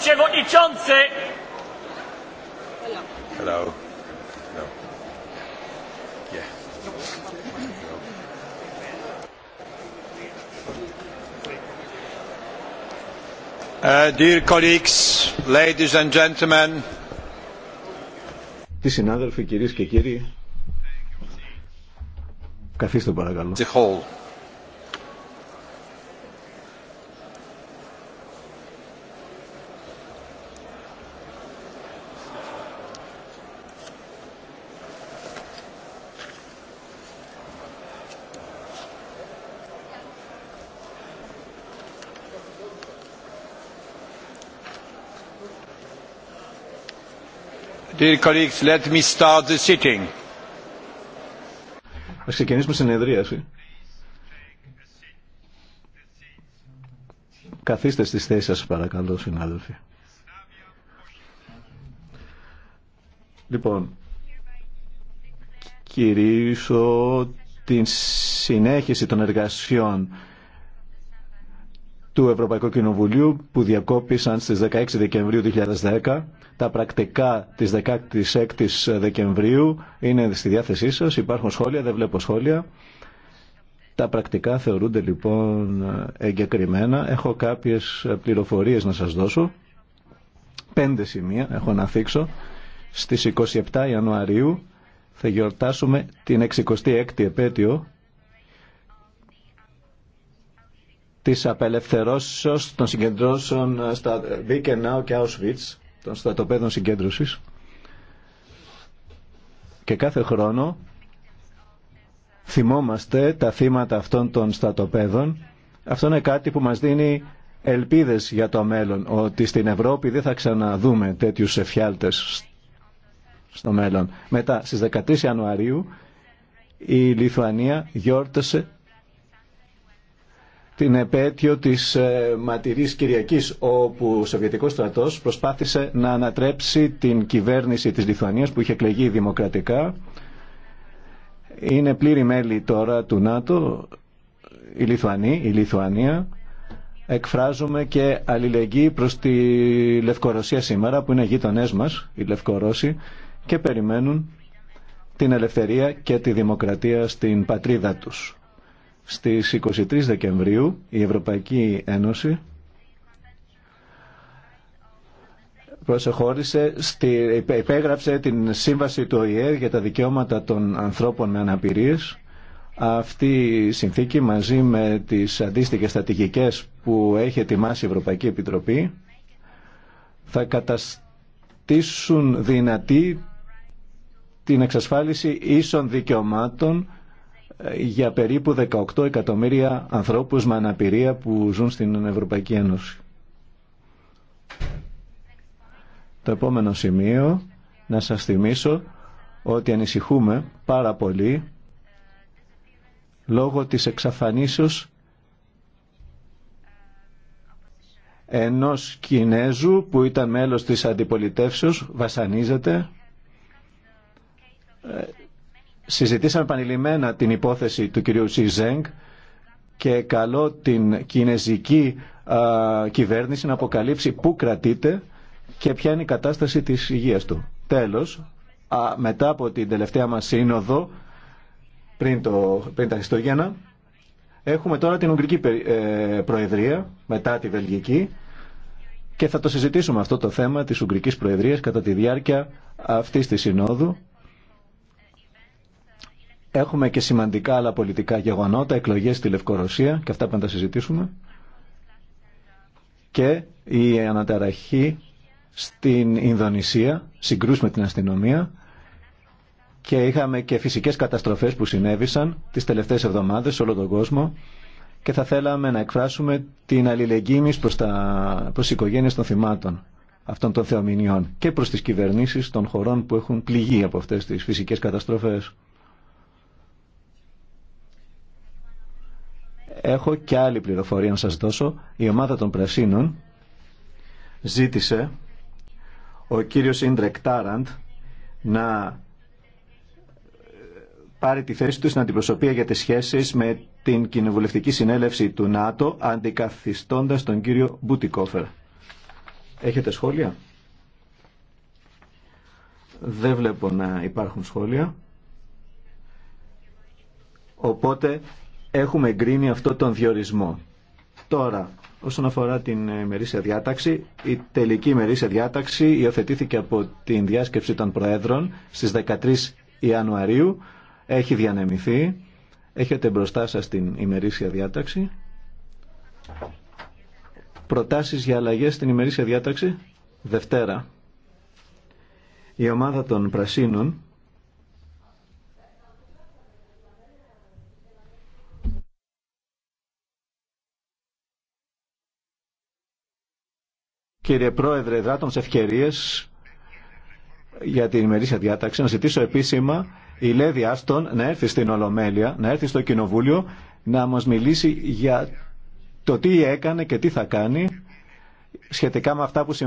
przewodniczący! Hello. No. Yeah. No. Uh, dear colleagues, ladies and gentlemen. Τι συνάδελφοι, κυρίες και κύριοι, καθίστε παρακαλώ. The hall. Dear colleagues, let me start the sitting. Ας ξεκινήσουμε συνεδρίαση. Καθίστε στις θέσεις σας παρακαλώ συνάδελφοι. Λοιπόν, κηρύσω την συνέχιση των εργασιών του Ευρωπαϊκού Κοινοβουλίου που διακόπησαν στις 16 Δεκεμβρίου 2010. Τα πρακτικά της 16ης Δεκεμβρίου είναι στη διάθεσή σας. Υπάρχουν σχόλια, δεν βλέπω σχόλια. Τα πρακτικά θεωρούνται λοιπόν εγκεκριμένα. Έχω κάποιες πληροφορίες να σας δώσω. Πέντε σημεία έχω να θίξω. Στις 27 Ιανουαρίου θα γιορτάσουμε την 66η επέτειο της απελευθερώσεως των συγκεντρώσεων στα Birkenau και Auschwitz, των στρατοπέδων συγκέντρωσης. Και κάθε χρόνο θυμόμαστε τα θύματα αυτών των στρατοπέδων. Αυτό είναι κάτι που μας δίνει ελπίδες για το μέλλον, ότι στην Ευρώπη δεν θα ξαναδούμε τέτοιους εφιάλτες στο μέλλον. Μετά, στις 13 Ιανουαρίου, η Λιθουανία γιόρτασε την επέτειο της ε, ματηρής Κυριακής όπου ο Σοβιετικός στρατός προσπάθησε να ανατρέψει την κυβέρνηση της Λιθουανίας που είχε εκλεγεί δημοκρατικά. Είναι πλήρη μέλη τώρα του ΝΑΤΟ, η Λιθουανία, η Λιθουανία. Εκφράζουμε και αλληλεγγύη προς τη Λευκορωσία σήμερα που είναι γείτονές μας, οι Λευκορώσοι, και περιμένουν την ελευθερία και τη δημοκρατία στην πατρίδα τους. Στις 23 Δεκεμβρίου η Ευρωπαϊκή Ένωση προσεχώρησε, στη, υπέγραψε την σύμβαση του ΟΗΕ για τα δικαιώματα των ανθρώπων με αναπηρίες. Αυτή η συνθήκη μαζί με τις αντίστοιχες στρατηγικές που έχει ετοιμάσει η Ευρωπαϊκή Επιτροπή θα καταστήσουν δυνατή την εξασφάλιση ίσων δικαιωμάτων για περίπου 18 εκατομμύρια ανθρώπους με αναπηρία που ζουν στην Ευρωπαϊκή Ένωση. Το επόμενο σημείο να σας θυμίσω ότι ανησυχούμε πάρα πολύ λόγω της εξαφανίσεως ενός Κινέζου που ήταν μέλος της αντιπολιτεύσεως βασανίζεται ε, Συζητήσαμε επανειλημμένα την υπόθεση του κυρίου Ζέγκ και καλώ την κινέζικη κυβέρνηση να αποκαλύψει πού κρατείται και ποια είναι η κατάσταση της υγείας του. Τέλος, μετά από την τελευταία μας σύνοδο, πριν, το, πριν τα Χριστούγεννα, έχουμε τώρα την Ουγγρική ε, Προεδρία, μετά τη Βελγική, και θα το συζητήσουμε αυτό το θέμα της Ουγγρικής Προεδρίας κατά τη διάρκεια αυτής της συνόδου Έχουμε και σημαντικά άλλα πολιτικά γεγονότα, εκλογές στη Λευκορωσία και αυτά που να τα συζητήσουμε. Και η αναταραχή στην Ινδονησία, συγκρούς με την αστυνομία και είχαμε και φυσικές καταστροφές που συνέβησαν τις τελευταίες εβδομάδες σε όλο τον κόσμο και θα θέλαμε να εκφράσουμε την αλληλεγγύη μας προς, τα, προς οικογένειες των θυμάτων αυτών των θεομηνιών και προς τις κυβερνήσεις των χωρών που έχουν πληγεί από αυτές τις φυσικές καταστροφές. Έχω και άλλη πληροφορία να σας δώσω. Η ομάδα των Πρασίνων ζήτησε ο κύριος Ίντρεκ Τάραντ να ε, πάρει τη θέση του στην αντιπροσωπεία για τις σχέσεις με την κοινοβουλευτική συνέλευση του ΝΑΤΟ αντικαθιστώντας τον κύριο Μπουτικόφερ. Έχετε σχόλια? Δεν βλέπω να υπάρχουν σχόλια. Οπότε έχουμε εγκρίνει αυτό τον διορισμό. Τώρα, όσον αφορά την ε, ημερήσια διάταξη, η τελική ημερήσια διάταξη υιοθετήθηκε από την διάσκεψη των Προέδρων στις 13 Ιανουαρίου. Έχει διανεμηθεί. Έχετε μπροστά σας την ημερήσια διάταξη. Προτάσεις για αλλαγές στην ημερήσια διάταξη. Δευτέρα. Η ομάδα των Πρασίνων Κύριε Πρόεδρε, δράτω με ευκαιρίε για την ημερήσια διάταξη να ζητήσω επίσημα η Λέδη Άστον να έρθει στην Ολομέλεια, να έρθει στο Κοινοβούλιο να μας μιλήσει για το τι έκανε και τι θα κάνει σχετικά με αυτά που συμβαίνουν.